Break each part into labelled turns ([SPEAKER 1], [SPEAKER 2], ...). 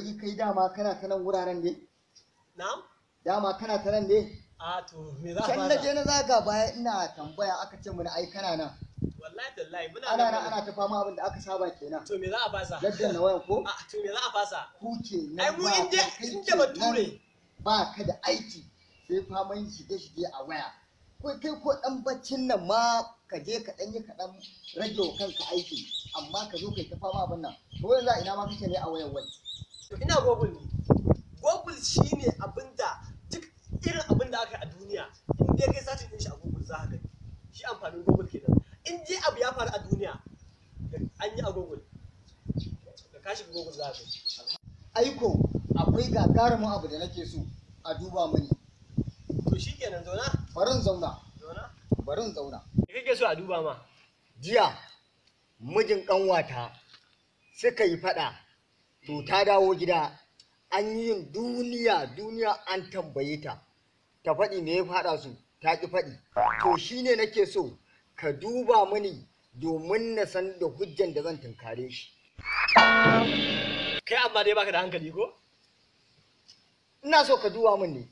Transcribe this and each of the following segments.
[SPEAKER 1] bai kai dama kana ta nan wuraren ne na'am dama kana ta nan ne a to me za ka can naje na zaga baya ina tambaya aka ce mun ai kana nan wallahi tallahi muna ana nan ana ta fama abin da aka saba kenan to me za a fasa laddan na wayan ko a to me za a fasa ku kenan ai mu inda inda bature ba ka da aiki sai faman shige-shige a waya ko kai ko dan baccin nan ma ka je ka dan yi kadan rage wa kanka aiki amma ka zo kai ta fama abin nan Ko yanzu ina ma kake ne a wayar wani ina google ne google shine abinda duk irin abinda aka a duniya in dai kai satin din shi a google za ka gani shi amfanin google kenan in dai abu ya faru a duniya an yi a google ka kashi google za ka gani aiko akwai gagarumin abu da nake so a duba mini to shi shikenan zauna barin zauna zauna barin zauna me kake so a duba ma jiya mijin kanwata suka yi fada to ta dawo gida an yi yin duniya duniya an tambaye ta ta faɗi me ya faɗa su ta ƙi faɗi to shi na nake so ka duba mani domin na san da hujjan da zan tunkare shi kai amma dai baka da hankali ko ina so ka duba min ne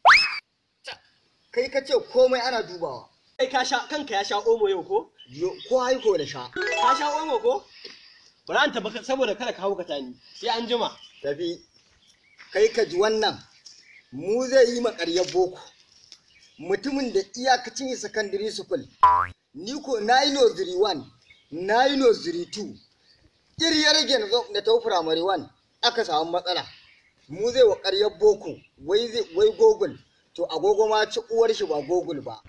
[SPEAKER 1] kai ka ce komai ana dubawa kai ka sha kanka ya sha omo yau ko ko haiko da sha ka sha omo ko bari an tafi saboda kada ka ka tani sai an jima tafi kai ka ji wannan mu zai yi makaryar boko mutumin da iyakacin secondary school ni ko na yi nursery 1 na yi nursery 2 iri ya rage na ta primary 1 aka samu matsala mu zai wa ƙaryar boko wai google to agogo ma ci uwar shi ba google ba